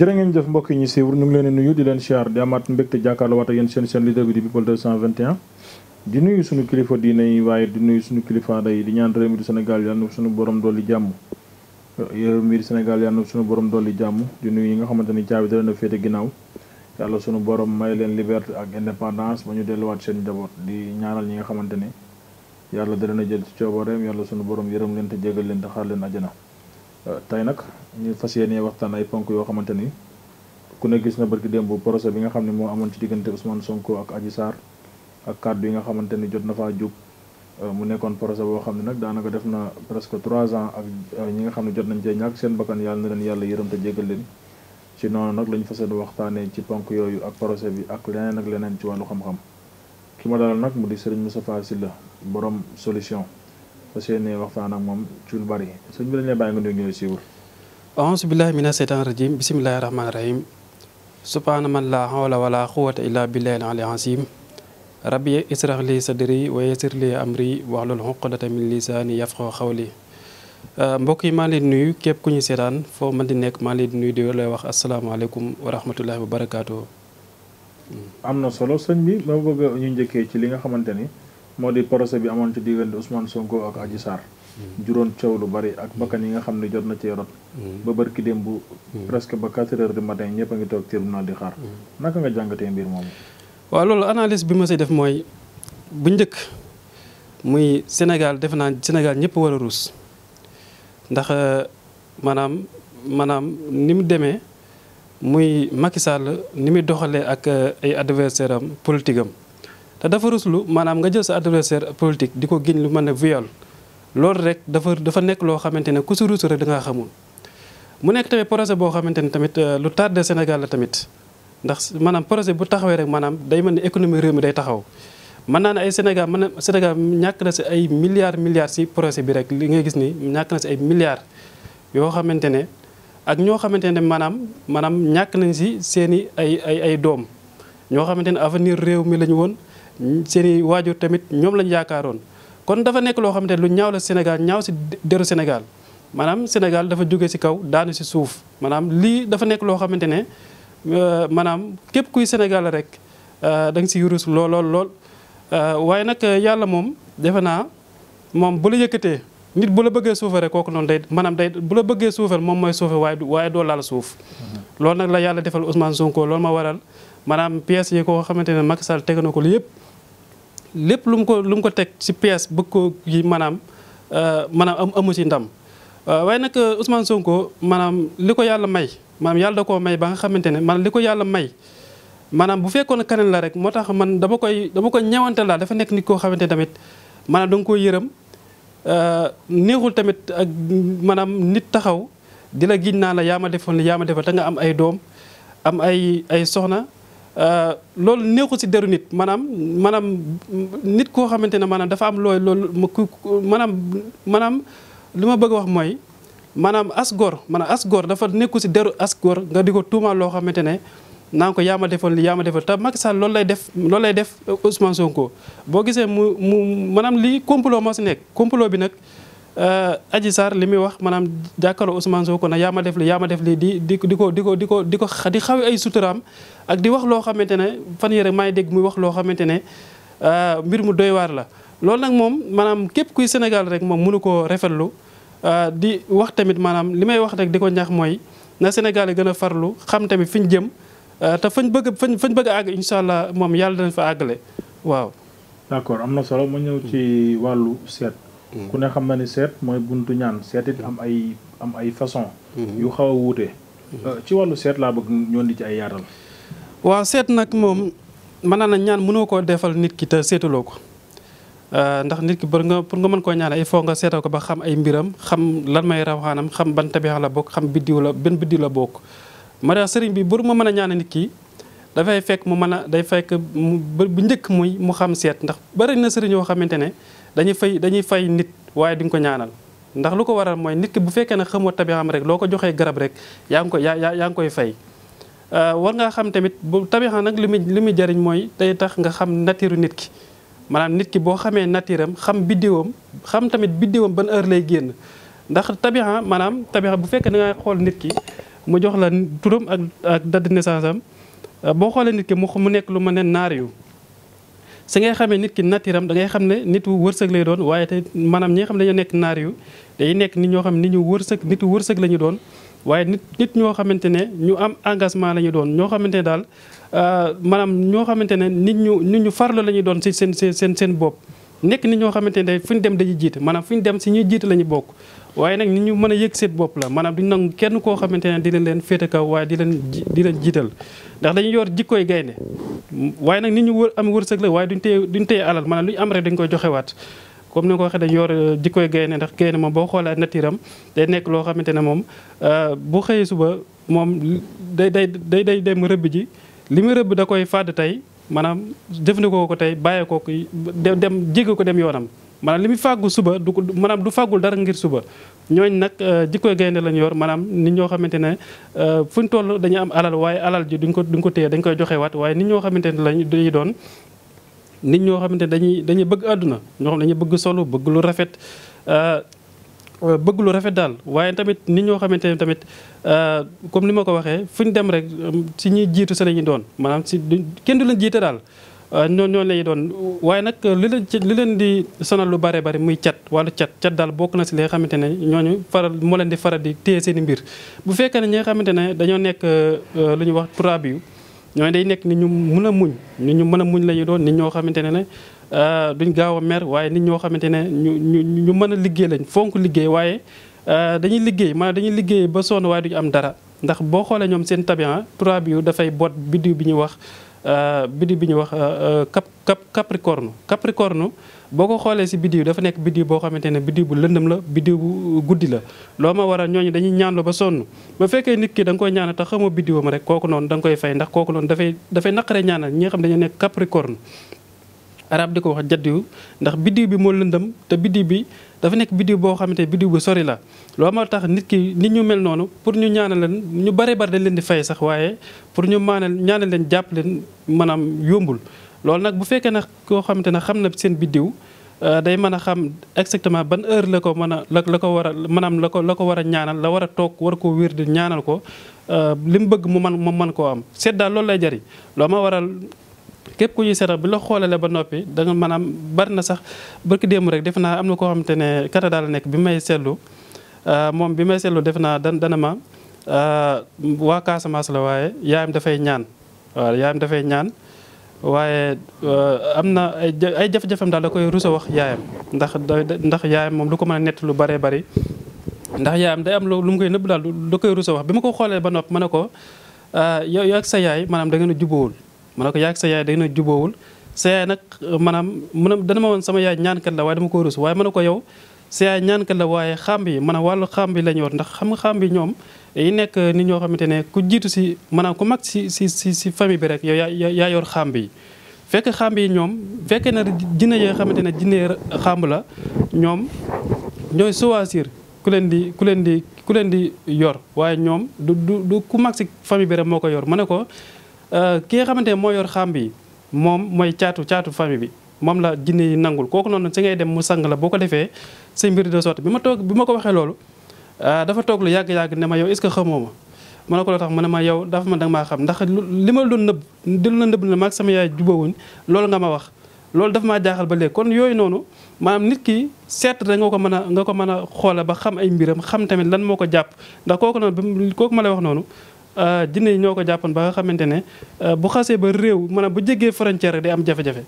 jërë ngeen jëf mbokk yi ñu siiwur ñu ngi leen di nuyu di leen siyaar di amaat mbégte jàkkaarloo waat ak seen seen leader bi di people di nuyu suñu kilifa diine yi waaye di nuyu suñu kilifa aada yi di ñaan réew mi du Sénégal yàlla na suñu borom dolli jàmm réew mi du Sénégal borom dolli jàmm di nuyu yi nga xamante ni caabi da leen féete ginnaaw yàlla suñu borom may leen liberté ak indépendance ba ñu delluwaat seen njaboot di ñaanal ñi nga xamante ni yàlla da leen a jël ci coobareem yàlla suñu borom yërëm leen te jégal leen te xaar leen ajana Euh, tey nag ñu fas yéene waxtaan ay ponk yoo xamante ni ku ne gis na barki démb procès bi nga xam ne moo amoon ci diggante Ousmane Sonko ak Adji Sarr ak kàddu yi nga xamante ni jot na faa jub euh, mu nekkoon procès boo xam ne nag daanaka def na presque trois ans ak euh, ñi nga xam ne jot nañ cee ñàkk seen bakkan yàlla na leen yàlla yërëm te jégal leen ci noonu nag la ñu fas yéene waxtaanee ci ponk yooyu ak procès bi ak leneen ak leneen ci wàllu xam-xam ki ma dalal nag m di Serigne Moustapha Sylla borom solution. fas yéene waxtaan ak moom ci lu bari sëñ bi dañ lay bàyyi nga nuyu ñooy siiwul. auzu billahi mina seytaan rajim bisimilahi rahmaani rahim. subhaana man laa hawla wala quwwata illa billahi al azim rabbi israh sadri wa yassir li amri wahlul uqdata min lisaani yafqahu qawli euh, mbokk yi maa leen nuyu képp ku ñu seetaan foo mën di nekk maa nuy nuyu wax asalaamaaleykum wa rahmatullahi wa barakaatu. am na solo sëñ bi ma bëgg ñu njëkkee ci li nga xamante ni. moo di procès bi amoon ci diggante Ousmane Sonko ak Adji Sarr mm. juróon coow lu bari ak bakkan yi nga xam ne jot na ci rot mm. ba barki démb bu mm. presque ba quatre heures du matin ñëpp a ngi toog tribunal di xaar naka nga jàngatee mbir moomu waaw loolu analyse bi ma si def mooy bu njëkk muy Sénégal def naa Sénégal ñëpp war a ruus ndax euh, maanaam maanaam ni mu demee muy Macky ni muy doxalee ak euh, ay adversaire am politique am te dafa ruslu maanaam nga jël sa adversaire politique di ko giñ lu man a viol loolu rek dafa dafa nekk loo xamante ne ku si rusu rek da xamoon mu nekk tamit projet boo xamante ne tamit euh, lu tardé Sénégal la tamit ndax maanaam projet bu taxawee rek maanaam day mel ni économie réew mi day taxaw mën naa ne ay Sénégal man na Sénégal ñàkk na si ay milliards milliards si projet bi rek li nga gis ni ñàkk na si ay milliards yoo xamante ne ak ñoo xamante ne maanaam maanaam ñàkk nañ si seen ay ay ay doom ñoo xamante ne avenir réew mi la ñu woon seeni waajur tamit ñoom lañ yaakaaroon kon dafa nekk loo xamante ne lu ñaaw la Sénégal ñaaw si deru Sénégal maanaam Sénégal dafa jóge si kaw daanu si suuf maanaam lii dafa nekk loo xamante ne euh, maanaam képp kuy Sénégal rek euh, da si yurus lool lool lool. Euh, waaye nag yàlla moom defe naa moom bu la yëkkatee nit bu la bëggee suufare kooku noonu day maanaam day bu la bëggee suufal moom mooy suufe waaye waaye doo laal suuf. Mm-hmm. loolu nag la yàlla defal Ousmane Sonko lool ma waral maanaam pièces yi koo xamante ne Macky Sall teg na ko li yëpp. lépp lu mu ko lu ko teg ci pees bëgg koo yi maanaam euh, maanaam am amu ci ndam euh, waaye nag euh, Ousmane Sonko maanaam li ko yàlla may maanaam yàlla da koo may ba nga xamante ne maanaam li ko yàlla may maanaam bu fekkoon keneen la rek moo tax man dama koy dama koy ñewante laa dafa nekk nit koo xamante ne tamit maanaam da nga koy yërëm neexul tamit ak maanaam nit taxaw di la giñ naa la yaa ma defoon yaa ma defal ta nga am ay doom am ay ay soxna. Euh, loolu nekku ci deru nit maanaam maanaam nit koo xamante ne maanaam dafa am looy loolu maanaam manaam lu ma bëgg a wax mooy maanaam as góor maanaam as dafa nekku si deru as góor nga di ko tuumaal loo xamante ne naa ko yaa ma defal yaa ma defal te mag Sall loolu lay def loolu lay def Ousmane Sonko boo gisee mu mu maanaam lii complot moo si nekk complot bi nag. Euh, Adji Sarr li muy wax maanaam jàkkaarloo Ousmane Sonko na yaa ma def li yaa ma def li di di di ko di ko di ko di ko di xaw ay suturaam ak di wax loo xamante ne fan yii rek maa ngi dégg muy wax loo xamante ne euh, mbir mu doy waar la. loolu nag moom maanaam képp kuy Sénégal rek moom mënu koo rafetlu euh, di wax tamit maanaam li may wax rek di ko ñaax mooy na Sénégal yi gën a farlu xam tamit fi ñu jëm te fañ bëgg fañ fañ bëgg a àgg incha allah moom yàlla dañ fa àggale waaw. d'accord am na solo ma ñëw ci wàllu seet. ku ne xam na ni seet mooy buntu ñaan seet am ay am ay façon mhm. yu xaw a wuute mhm. euh, ci wàllu seet laa bëgg ñoon di ci ay yaatal waa seet nag moom mën naa na ñaan mënoo koo defal nit ki te seetuloo ko euh, ndax nit ki pour nga pour nga mën koo ñaan ay faut nga seeta ko ba xam ay mbiram xam lan may rawaxaanam xam ban tabixa la bokk xam biddiw la benn biddiw la bokk ma daal sëriñ bi pour ma mën a ñaan nit ki dafay fekk mu mën a day fekk mu bu njëkk muy mu xam seet ndax bari na sëriñ yoo xamante ne dañuy fay dañuy fay nit waaye di nga ko ñaanal ndax lu ko waral mooy nit ki bu fekkee ne xamoo tabi xam rek loo ko joxee garab rek yaa ngi koy yaa yaa ngi koy fay. Euh, war ngaa xam tamit bu tabi xam nag li muy li muy jariñ mooy day tax nga xam nature nit ki maanaam nit ki boo xamee nature am xam biddiwam xam tamit biddiwam ban heure lay génn ndax tabi xam maanaam tabi bu fekkee da ngay xool nit ki mu jox la turam ak ak date am euh, boo xoolee nit ki mu nekk lu ma ne naar yu si ngay xamee nit ki natiram da ngay xam ne nit wu wërsëg lay doon waaye te maanaam ñi xam ne dañoo nekk naar yu day nekk nit ñoo xam ne nit ñu wërsëg nit wu wërsëg la ñu doon waaye nit nit ñoo xamante ne ñu am engagement la ñu doon ñoo xamante ne daal euh, maanaam ñoo xamante ne nit ñu nit ñu farlu la ñu doon si seen seen seen seen bopp nekk nit ñoo xamante ne fu ñu dem dañuy jiite maanaam fu ñu dem si ñuy jiite la ñu bokk waaye nag nit ñu mën a yëg seen bopp la maanaam ñu nangu kenn koo xamante ne dina leen féete kaw waaye di leen di leen jiital ndax dañu yor jikkooy gaynde waaye nag nit ñu wër am wërsëg la waaye duñ téye duñ téye alal maanaam lu ñu am rek dañ koy joxewaat comme ni nga ko waxee dañu yor euh, jikkooy gaynde ndax gaynde moom boo xoolee natiiram day nekk loo xamante ne moom euh, bu xëyee suba moom day day day day dem rëbb ji li mu rëbb da koy fàdd tey maanaam jëfandikoo ko tey bàyyee ko dem jéggi ko dem yoonam maanaam li muy fàggu suba du maanaam du fàggul dara ngir suba ñooñ nag euh, jikkoy gaynde lañ yor maanaam nit ñoo xamante ne euh, fuñ toll dañu am alal waaye alal ji duñ ko duñ ko téye dañ koy joxe waat waaye nit ñoo xamante ne lañ dañuy doon nit ñoo xamante ne dañuy dañuy bëgg àdduna ñoo xam dañuy bëgg solo bëgg lu rafet euh, Euh, bëgg lu rafet daal waaye tamit nit ñoo xamante ne tamit euh, comme ni ma ko waxee fu ñu dem rek euh, si ñuy jiitu sa lañuy doon maanaam si kenn du leen jiite daal noonu ñoo la doon waaye nag li leen li leen di sonal lu bare bari muy cat wàllu cat cat daal bokk na si li nga xamante ne ñu faral moo leen di faral di téye seen i mbir bu fekkee ne ñi nga xamante ne dañoo nekk lu ñuy wax turaab yu ñooñu day nekk ni ñu mun a muñ ni ñu mën a muñ la ñuy doon nit ñoo xamante ne ne Euh, duñ gaaw a mer waaye nit ñoo xamante ne ñu ñu ñu mën a liggéey lañ fonk liggéey waaye euh, dañuy liggéey man dañuy liggéey ba sonn waaye duñu am dara ndax boo xoolee ñoom seen tabian trois bi dafay boot biddiw bi ñuy wax euh, biddiw bi ñuy wax cap cap capricorne capricorne boo ko xoolee si biddiw dafa nekk biddiw boo xamante ne biddiw bu lëndëm la biddiw bu guddi la loo ma waral ñooñu dañuy ñaanlu ba sonn ba fekkee nit ki da nga koy ñaanal te xamoo biddiwam rek kooku noonu da nga koy fay ndax kooku noonu dafay dafay naqaree ñaanal ñi nga xam dañu nekk capricorne arab di ko wax jaddiwu ndax biddiw bi moo lëndëm te biddiw bi dafa nekk biddiw boo xamante biddiw bu sori la loolu moo tax nit ki nit ñu mel noonu pour ñu ñaanal leen ñu bare bare dañ leen di fay sax waaye pour ñu maanal ñaanal leen jàpp leen maanaam yombul loolu nag bu fekkee nag koo xamante ne xam na seen biddiw euh, day mën a xam exactement ban heure la ko mën a la la ko war a maanaam la ko la ko war a ñaanal la war a toog war koo wér di ñaanal ko euh, li mu bëgg mu man mu mën koo am seet daal loolu lay jariñ loo ma waral képp ku ñuy seetal bi la xoolale ba noppi da nga bari na sax barki démb rek defe naa am na koo xamante ne kata daal nekk bi may seetlu euh, moom bi may seetlu defe naa dan dana ma euh, waa Casamance la waaye yaayam dafay ñaan waaw dafay ñaan waaye euh, am na ay jafe-jafem daal da koy rusa wax yaayam ndax ndax yaayam moom lu ko mën nett lu baree bari ndax yaayam day am lu mu koy nëbb daal da koy rusa wax bi ma ko xoolee ba noppi ma ne ko yow ak sa yaay maanaam da ngeen a ma ne ko yaag sa yaay day na jubóowul sa yaay nag maanaam mënam dana ma woon sama yaay ñaankat la waaye dama ko rus waaye ma ne ko yow sa yaay ñaankat la waaye xàmb yi maanaam wàllu xàmb yi lañ yor ndax xam nga xàmb yi ñoom yi nekk nit ñoo xamante ne ku jiitu si maanaam ku mag si si si si famille bi rek yow yaa yaa yor xàmb yi fekk xàmb yi ñoom fekkee na jinne yoo xamante ne jinne xàmb la ñoom ñooy choisir ku leen di ku leen di ku leen di yor waaye ñoom du du ku mag si famille bi rek moo ko yor ma ne ko Euh, ki nga xamante ne moo yor xam bi moom mooy caatu caatu famille bi moom la jinne yi nangul kooku noonu si ngay dem mu sang la boo ko defee say mbir de sotti bi ma toog bi ma ko waxee loolu euh, dafa toog lu yàgg-yàgg ne ma yow est-ce que xamoo ma ko loo tax ma ne ma yow dafa ma danga maa xam ndax li ma doon nëbb di la nëbb ne maag sama yaay jubawuñ loolu nga wax loolu dafa jaaxal ba léegi kon yooyu noonu maanaam nit ki seet rek nga ko mën a nga ko mën a xoole ba xam ay mbiram xam tamit lan moo ko jàpp ndax kooku noonu kooku ma lay wax noonu Euh, jinne yi ñoo ko jàppoon ba nga xamante ne euh, bu xasee ba réew maanaam bu jegee frontière day am jafe-jafe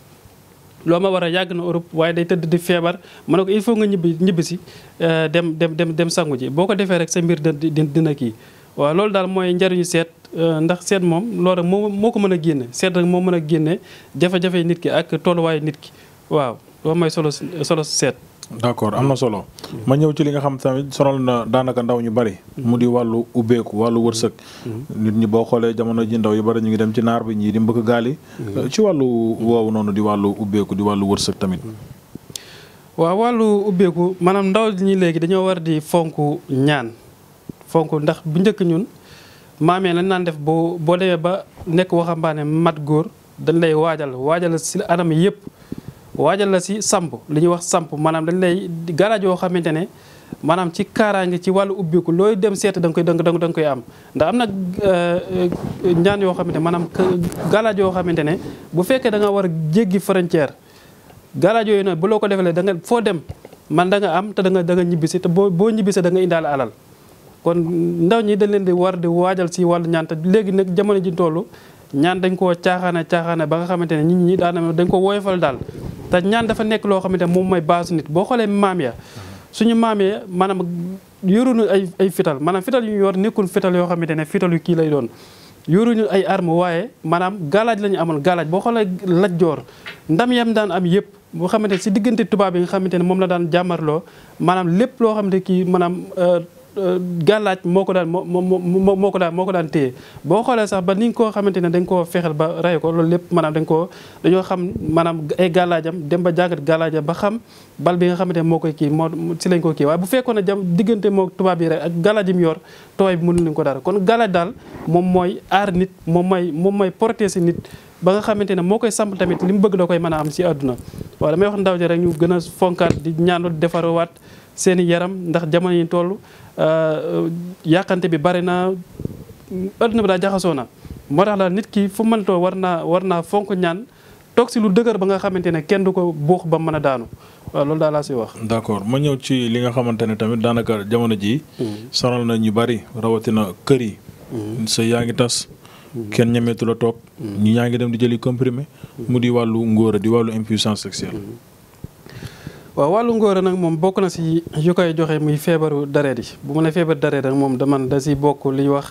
loo ma war a yàgg na Europe waaye day tëdd di feebar ma ne ko il faut nga ñibbi ñibbi si euh, dem dem dem dem sangu ji boo ko defee rek sa mbir dina dina kii waaw loolu daal mooy njariñu seet ndax seet moom loolu rek moo moo ko mën a génne seet rek moo mën a génne jafe-jafe nit ki ak tooluwaayu nit ki waaw loolu mooy solo solo seet d'accord am na solo ma ñëw ci li nga xam tamit sonal na daanaka ndaw ñu bari mu di wàllu ubbeeku wàllu wërsëg nit ñi boo xoolee jamono ji ndaw yu bari ñu ngi dem ci naar bi ñii di mbëkk gaali ci wàllu woowu noonu di wàllu ubbeeku di wàllu wërsëg tamit waaw wàllu ubbeeku maanaam ndaw ñi léegi dañoo war di fonk ñaan fonk ndax bu njëkk ñun maamee lañ naan def boo boo demee ba nekk waxambaane mat góor dañ lay waajal waajal si anam yëpp waajal la si samp li ñuy wax samp maanaam dañ lay garage yoo xamante ne maanaam ci kaaraange ci wàllu ubbiku looy dem seet da nga koy danga nga da koy am ndax am na euh, ñaan yoo xamante ne maanaam garage yoo xamante ne bu fekkee da nga war a jéggi frontière garage yooyu nag bu loo ko defalee da nga foo dem man da am te da nga da ñibbisi te boo boo ñibbisi da nga indaale alal kon ndaw ñi dañ leen di war di waajal si wàllu ñaan te léegi nag jamono ji toll ñaan dañ koo caaxaana caaxaana ba nga xamante ne nit ñi daana dañ ko woyofal daal te ñaan dafa nekk loo xamante ne moom mooy baasu nit boo xoolee maam ya suñu maam ya maanaam ay ay fital maanaam fital yu ñu yor nekkul yoo xamante ne fital yu kii lay doon yoruñu ay arme waaye maanaam galaaj la amoon galaaj boo xoolee laj joor ndam yam daan am yëpp boo xamante si diggante tubaab yi nga xamante ne moom la daan jàmmarloo maanaam lépp loo xamante kii maanaam euh, Euh, gàllaaj moo ko daan moo moo moo ko daan moo ko daan téye boo xoolee sax ba ni nga koo xamante ne dañ koo fexeel ba rey ko loolu lépp maanaam dañ koo dañoo xam maanaam ay gàllaajam dem ba jàngat gàllaajam ba xam bal bi nga xamante ne moo koy kii moo si lañ ko kii waaye bu fekkoon ne jam diggante moo tubaab yi rek ak gàllaaj yi mu yor tubaab bi mënu ko dara kon gàllaaj daal moom mooy aar nit moom mooy moom mooy porté si nit ba nga xamante ne moo koy samp tamit li mu bëgg da koy mën a am si àdduna waaw damay wax ndaw ji rek ñu gën a fonkaat di ñaanul defarowaat waat i yaram ndax jamono yi toll Euh, yàqante bi bari na adduna bi daa jaxasoo na moo tax daal nit ki fu mën war naa war naa fonk ñaan toog si lu dëgër ba nga xamante ne kenn du ko buux ba mën a daanu loolu daal laa si wax. d'accord ma ñëw ci li nga xamante ne tamit daanaka jamono ji mm-hmm. sonal na ñu bari rawatina kër yi. Mm-hmm. sëy yaa ngi tas. Mm-hmm. kenn ñemeetu la toog. ñi ñaa ngi dem di jëli comprimé. mu di wàllu ngóora di wàllu impuissance sexuelle. waaw wàllu ngóora nag moom bokk na si yu koy joxe muy feebaru dareet yi bu mu ne feebar dareet nag moom da man da si bokk li wax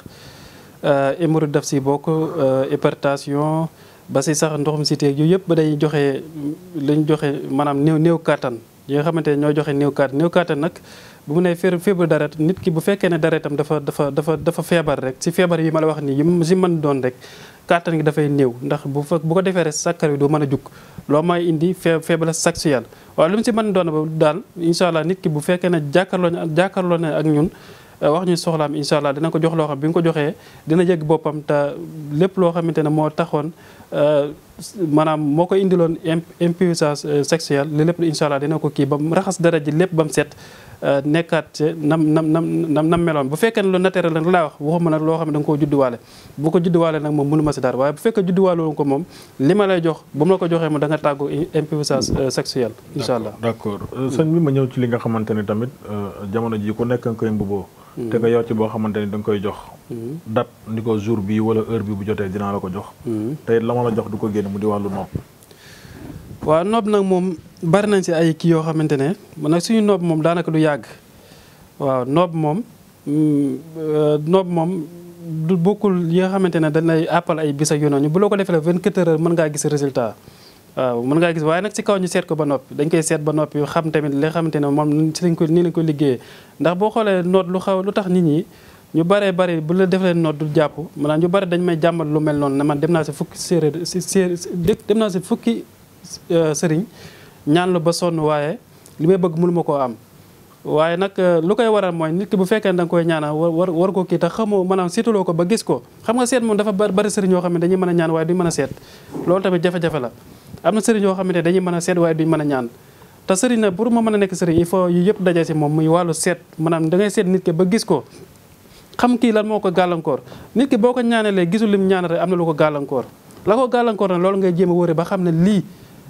euh, hémorroïde daf si bokk euh, hypertension ba si sax ndoxum si teeg yooyu yëpp ba day joxe lañ joxe maanaam néew néew kàttan yi nga xamante ne ñoo joxe néew kàttan néew nag bu mu ne feebar dareet nit ki bu fekkee ne dareetam dafa dafa dafa dafa feebar rek si feebar yi ma la wax nii yi si mën doon rek kàttan gi dafay néew ndax bu fa bu ko defee rek sakkar bi du mën a jug loo may indi faiblesse sexuelle waaye lu mu si mën doon ba daal incha allah nit ki bu fekkee ne jàkkarloo jàkkaarloo ak ñun euh, wax ñu soxlaam incha allah dina ko jox loo xam bi nga ko joxee dina yëgg boppam te lépp loo xamante ne moo taxoon euh, maanaam moo koy indiloon impuissance euh, sexuelle li lépp incha allah dina ko kii ba mu raxas dara ji lépp ba mu set euh, nekkaat nam nam nam nam nam meloon bu fekkee ne lu naturel la laa wax waxuma nag loo xam ne da nga koo judduwaale bu ko judduwaale nag moom mënu ma si dara waaye bu fekkee ko moom li ma lay jox ba mu la ko joxee moom da nga tàggu impuissance euh, sexuelle incha allah d'accord hmm. sëñ bi ma ñëw ci li nga xamante ni tamit jamono ji ku nekk nga koy mbuboo hmm. te nga yor ci boo xamante ni da koy jox hmm. date ni ko jour bi wala heure bi bu jotee dinaa la ko jox génn mu di wax lu noob. waaw noob nag moom bari nañ si ay kii yoo xamante ne mun nag suñu noob moom daanaka du yàgg waaw noob moom mm, noob moom du bokkul yi nga xamante ne dañ lay àppal ay bis ak yu bu loo ko defee 24 heures mën ngaa gis résultat. waaw mën ngaa gis waaye nag ci kaw ñu seet ko ba noppi dañ koy seet ba noppi xam tamit li xamante ne moom si lañ ko nii lañ ko liggéeyee ndax boo xoolee noot lu xaw lu tax nit ñi. ñu baree bari bu la defalee noot du jàpp maanaam ñu bare dañ may jàmmal lu mel noonu na man dem naa si fukki séeréer si séeréer dem naa si fukki euh, sëriñ ñaan la ba sonn waaye li may bëgg mënu ma koo am waaye nag euh, lu koy waral mooy nit ki bu fekkee ne koy ñaana war war ko kii tax xamoo maanaam seetuloo ko ba gis ko xam nga seet moom dafa bari sëriñ yoo xam ne dañuy mën a ñaan waaye duñ mën a seet loolu tamit jafe-jafe la am na sëriñ yoo xam ne dañuy mën a seet waaye duñ mën a ñaan te sëriñ nag pour ma mën a nekk sëriñ il faut yu yëpp daje si moom seet maanaam da ngay seet nit ki gis ko xam kii lan moo ko gàllankoor nit ki boo ko ñaanalee gisul lim ñaanal rek am na lu ko gàllankoor la ko gàllankoor nag loolu ngay jéem a wëri ba xam ne lii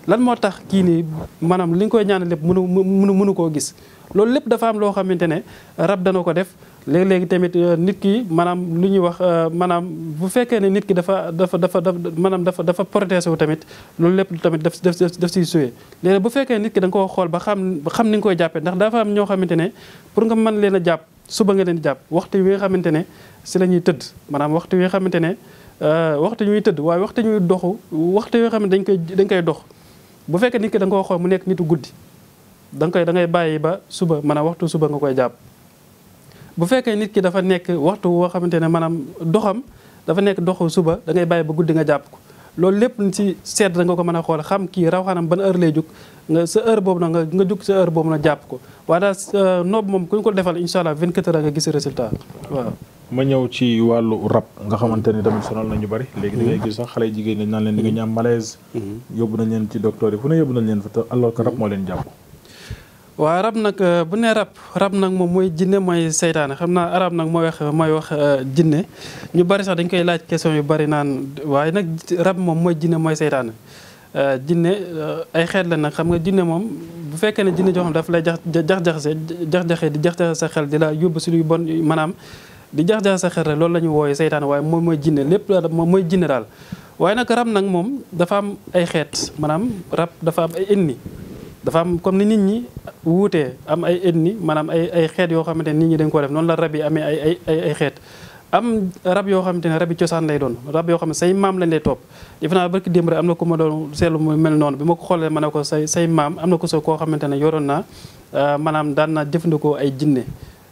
lan moo tax kii nii maanaam li nga koy ñaanal lépp mënu mënu mënu koo gis loolu lépp dafa am loo xamante ne rab dana ko def léegi-léegi tamit euh, nit ki maanaam lu ñuy wax euh, maanaam bu fekkee ne nit ki dafa dafa dafa da maanaam dafa dafa protéger wu tamit loolu lépp tamit daf daf daf siy suyee léegi bu fekkee nit ki da nga koo xool ba xam xam ni nga koy jàppee ndax dafa am ñoo xamante ne pour nga mën leen a jàpp suba nga leen jàpp waxtu wi xamante ne si la ñuy tëdd maanaam waxtu wi nga xamante ne euh, waxtu ñuy tëdd waaye waxtu ñuy doxu waxtu yoo xam ne dañ koy dañ koy dox bu fekkee nit ki ko xool mu nekk nitu guddi da koy da bàyyi ba suba maanaam waxtu suba nga koy jàpp bu fekkee nit ki dafa nekk waxtu woo xamante ne maanaam doxam dafa nekk doxu suba dangay bàyyi ba guddi nga jàpp ko loolu lépp ci seet da nga ko mën a xool xam kii raw xanam ban heure lay jug nga sa heure boobu nag nga nga sa heure boobu nag jàpp ko waaye daal euh, moom ku ko defal incha allah 24 heures nga gis résultat waaw. ma ñëw ci wàllu rab nga xamante ni tamit sonal nañu bari. léegi da ngay gis sax xale jigéen ñi leen di nga ñaam malaise. Mhm. yóbbu na leen ci docteur yi fu ne yóbbu nañ leen fa te alors que rab moo leen jàpp. waaw rab nag euh, bu nee rab rab nag moom mooy jinne mooy seytaane xam naa arab nag mooy wax mooy wax euh, jinne ñu bari sax dañ koy laaj question yu bari naan waaye nag rab moom mooy jinne mooy seytaane euh, jinne ay xeet la nag xam nga jinne moom bu fekkee ne jinne joo daf lay jax jax-jaxase jax-jaxe di jax sa xel di la yóbbu si luy bon maanaam di jax-jaxe sa xel loolu la ñu wooye seytaane waaye moom mooy jinne lépp la moom mooy jinne waaye nag rab nag moom dafa am ay xeet maanaam rab dafa am ay indi dafa am comme ni nit ñi wuutee am ay ethnie maanaam ay ay xeet yoo xamante ne nit ñi dañ koo def noonu la rab yi amee ay ay xeet am rab yoo xamante ne rab yi cosaan lay doon rab yoo xam ne say maam lañ lay topp defe naa barki démb rek am na ku ma doon seetlu mu mel noonu bi ko xoolee ma ne ko say say maam am na ko soo koo xamante ne yoroon naa euh, maanaam daan naa jëfandikoo ay jinne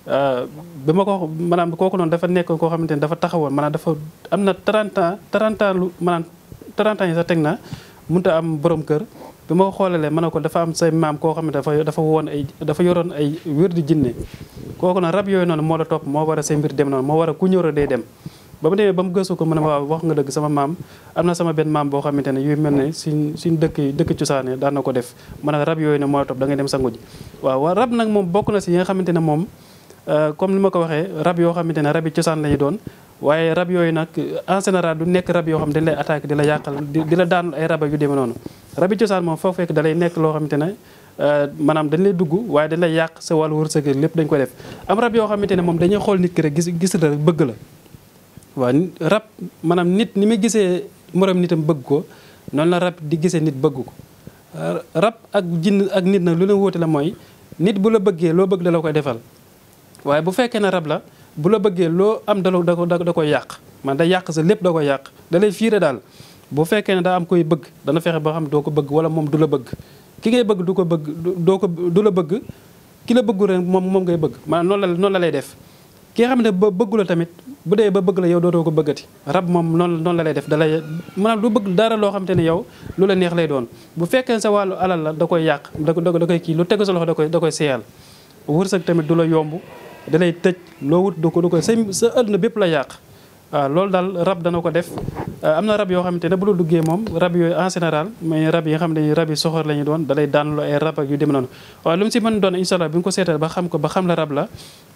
euh, bi ma ko maanaam kooku noonu dafa nekk koo xamante ne dafa taxawoon maanaam dafa am na 30 ans 30 ans yi sax teg na mënut a am borom kër lu ma ko xoolalee ma ne ko dafa am sa maam koo xam ne dafa dafa woon ay dafa yoroon ay wér di jinne kooku noonu rab yooyu noonu moo la topp moo war a say mbir dem noonu moo war a ku ñëwra day dem ba mu demee ba mu gëstu ko mu ne waaw wax nga dëgg sama maam am na sama benn maam boo xamante ne yu mel ne suñ suñ dëkk yi dëkk cosaane daan na ko def ma ne rab yooyu ne moo la topp da ngay dem sa ji waaw rab nag moom bokk na si yi nga xamante ne moom euh, comme ni ma ko waxee rab yoo xamante ne rab yi cosaan la ñu doon waaye rab yooyu nag en général du nekk rab yoo xam dañ lay attaque di la yàqal di la daanul ay raba yu demee noonu rabi cosaan moom foo fekk da nekk loo xamante ne euh, maanaam dañ lay dugg waaye dañ lay yàq sa wàllu wërsëg lépp dañ koy def am rab yoo xamante ne moom dañuy xool nit ki rek gis gis la bëgg la waaw rab maanaam nit ni muy gisee morom nitam bëgg ko noonu la rab di gisee nit bëgg ko euh, rab ak jinn ak nit nag lu la wóote la mooy nit bu la bëggee loo bëgg da la koy defal waaye bu fekkee ne rab la bu la bëggee loo am da da da koy yàq man da yàq sa lépp da koy yàq da fiire daal bu fekkee ne daa am koy bëgg dana fexe boo xam doo ko bëgg wala moom du la bëgg ki ngay bëgg du ko bëgg doo ko du la bëgg ki la bëggu rek moom moom ngay bëgg maanaam noonu la noonu la lay def ki nga ne ba bëggu tamit bu dee ba bëgg la yow dootoo ko bëggati rab moom noonu noonu la lay def da lay maanaam bëgg dara loo xam ne yow lu la neex lay doon bu fekkee sa wàllu alal la da koy yàq da koy kii lu tegu sa loxo da koy da koy seeyal wërsëg tamit du la yomb dalay tëj loo wut du ko du ko sa sa àdduna bépp la yàq waaw loolu daal rab dana ko def euh, am na rab yoo xamante ne bu duggee moom rab yooyu en général mais rab yi xam ne rab yi la ñu doon ay rab ak yu dem noonu waaw si mën doon incha allah bi nga ko seetal ba xam ko ba xam la la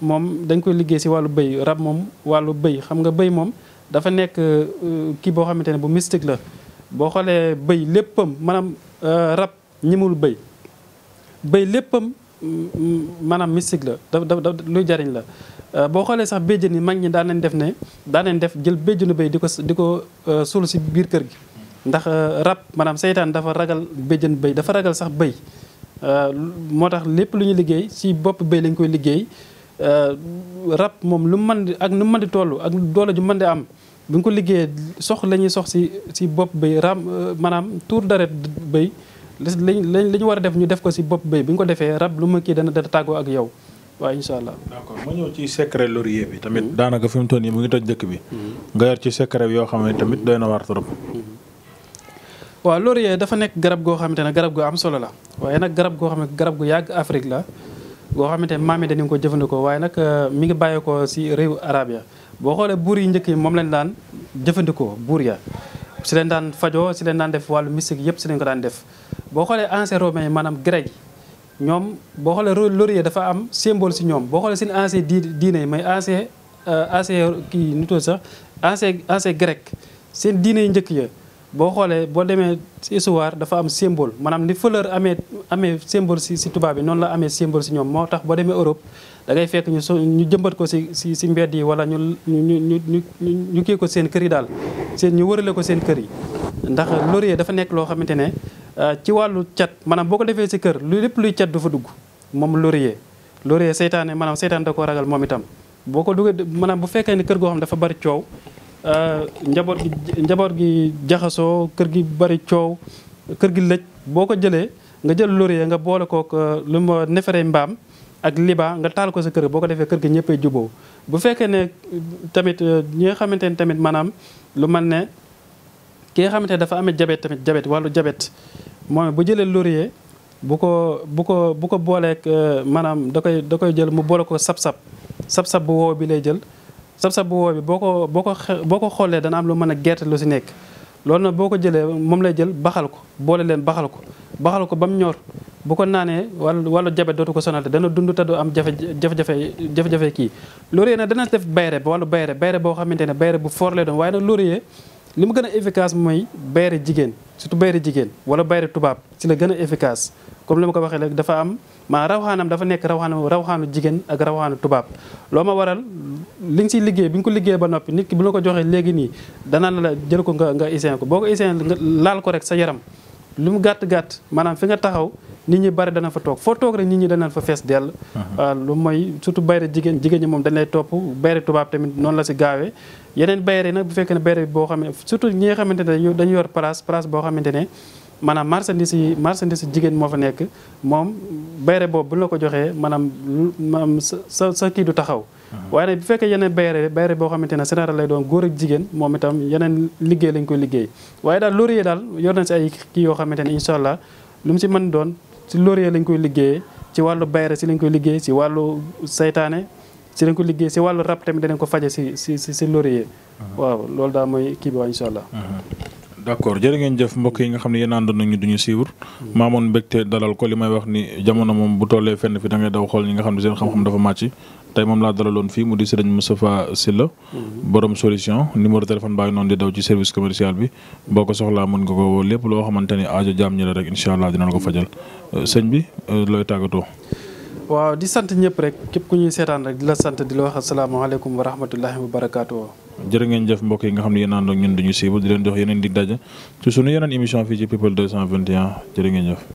moom dañ koy liggéey si wàllu bëy rab moom wàllu bëy xam nga bëy moom dafa nekk euh, kii boo xamante ne bu mystique la boo xoolee bëy léppam maanaam euh, rab ñimul bëy bëy léppam maanaam mystique la da da luy jariñ la euh, boo xoolee sax béjjën yi mag ñi daan nañ def ne daan def jël béjjënu béy di ko di ko euh, suul si biir kër gi ndax euh, rab maanaam seytaan dafa ragal béjjën béy dafa ragal sax béy moo tax lépp lu ñu liggéey si bopp béy lañ koy liggéey rab moom lu mën ak nu mën di toll ak doole ju mën di am bu ñu ko liggéeyee sox la ñuy sox si si bopp béy ram maanaam tuur deret béy li li ñu war a def ñu def ko si bopp béy bi ñu ko defee rab lu ma kii dana dana tàggoo ak yow waaw incha allah. d'accord ci secret laurier bi tamit mm-hmm. daanaka fi mu toll nii mu ngi toj dëkk bi. Mm-hmm. nga yor ci secret yoo xam ne tamit doy na war trop. Mm-hmm. waaw dafa nekk garab goo xamante ne garab gu am solo la waaye nag garab goo xam ne garab gu yàgg Afrique la goo xamante ne maam yi dañu ko jëfandikoo waaye nag euh, mi ngi bàyyeekoo si réew arab ya boo xoolee buur yi njëkk yi moom lañ daan jëfandikoo buur ya si leen daan fajoo si leen daan def wàllu mystique yëpp si leen ko daan def. boo xoolee ancien romain yi maanaam grec yi ñoom boo xoolee laurier dafa am symbole si ñoom boo xoolee seen ancien di diine yi mooy ancien euh, ancien kii nu tudd sax ancien ancien grec seen diine yi njëkk ya boo xoolee boo demee si histoire dafa am symbole maanaam ni fleur amee amee symbole si si tubaab yi noonu la amee symbole si ñoom moo tax boo demee Europe dangay fekk ñu ñu jëmbat ko si si si mbedd yi wala ñu ñu ñu ñu kii ko seen kër yi daal seen ñu wërale ko seen kër yi ndax dafa nekk loo xamante ne Euh, ci wàllu cat maanaam boo ko defee si kër lu lépp luy cat du fa dugg moom laurier laurier seytaane maanaam seytaan da ko ragal moom itam boo ko duggee maanaam bu fekkee ne kër goo xam dafa bari coow euh, njaboot gi njaboot gi jaxasoo kër gi bari coow kër gi lëj boo ko jëlee nga jël laurier nga boole kook euh, lu ma neefere mbaam ak libaa nga taal ko sa kër boo ko defee kër gi ñëppay juboo bu fekkee ne tamit ñi nga xamante ne tamit maanaam lu mal ne ki nga xamante ne dafa amee jabet tamit jabet wàllu jabet moom bu jëlee laurier bu ko bu ko bu ko booleeg euh, maanaam da koy da koy jël mu boole ko sab-sab sab-sab bu wow bi lay jël sab-sab bu wow bi boo ko boo ko boo ko xoolee dana am lu mën a gerte lu si nekk loolu na boo ko jëlee moom lay jël baxal ko boole leen baxal ko baxal ko ba mu ñor bu ko naanee wala wala jabet dootu ko sonal dana dund te du am jafe jafe-jafe kii laurier na dana def bayre wala bayre bayre boo xamante ne bayre bu foor lay waaye nag laurier li mu gën a efficace mooy bayre jigéen surtout bayre jigéen wala bayre tubaab si la gën a efficace comme li ma ko waxee léegi dafa am maa rawxaanam dafa nekk rawxaanu rawxaanu jigéen ak rawxaanu tubaab loo ma waral li nga siy liggéey bi nga ko liggéey ba noppi nit ki bu la ko joxee léegi nii danaan la jël ko nga nga isin ko boo ko isin laal ko rek sa yaram lu mu gàtt gàtt maanaam fi nga taxaw nit ñi bari dana fa toog foo toog rek nit ñi dana fa fees dell. Uh-huh. Ah, lu mooy surtout bayre jigéen jigéen ñi moom dañ topp bayre tubaab tamit noonu la si gaawee. yeneen bayre nag bu fekkee ne bayre boo xam ne surtout ñi nga xamante ne dañu yor place place boo xamante ne maanaam marchandise yi marchandise jigéen moo fa nekk moom bayre boobu bu la ko joxee maanaam maanaam sa sa kii du taxaw. Uh-huh. waaye nag bu fekkee yeneen bayre bayre boo xamante ne général lay doon góor ak jigéen moom itam yeneen liggéey lañ koy liggéey waaye daal laurier daal yor nañ si ay kii yoo xamante ne incha allah lu mu si man doon si laurier lañ koy liggéeyee ci wàllu bayre si lañ koy liggéey si wàllu seytaane si lañ ko liggéey si wàllu rab tamit danañ ko faje si si si laurier uh-huh. waaw loolu daal mooy kii bi waa incha allah uh-huh. d' accord jërë ngeen jëf mbokk yi nga xam ne yéen àndoon nañu duñu suivre maamoon mbégte dalal ko li may wax ni jamono moom bu tollee fenn fi da daw xool ñi nga xam ne seen xam-xam dafa màcc tey moom laa dalaloon fii mu di sëriñ Moustapha Sylla borom solution numéro téléphone baa noonu di daw ci service commercial bi boo ko soxlaa mën nga ko lépp loo xamante ni aajo jaam ñi la rek incha allah dina la ko fajal euh, sëñ bi euh, looy tàggatoo waaw di sant ñëpp rek képp la sant di jërë ngeen jëf mbokk yi nga xam ne yéen ànd ak ñun duñu siibu di leen jox yeneen di daje ci sunu yeneen émission fii ci people 221 jërë ngeen jëf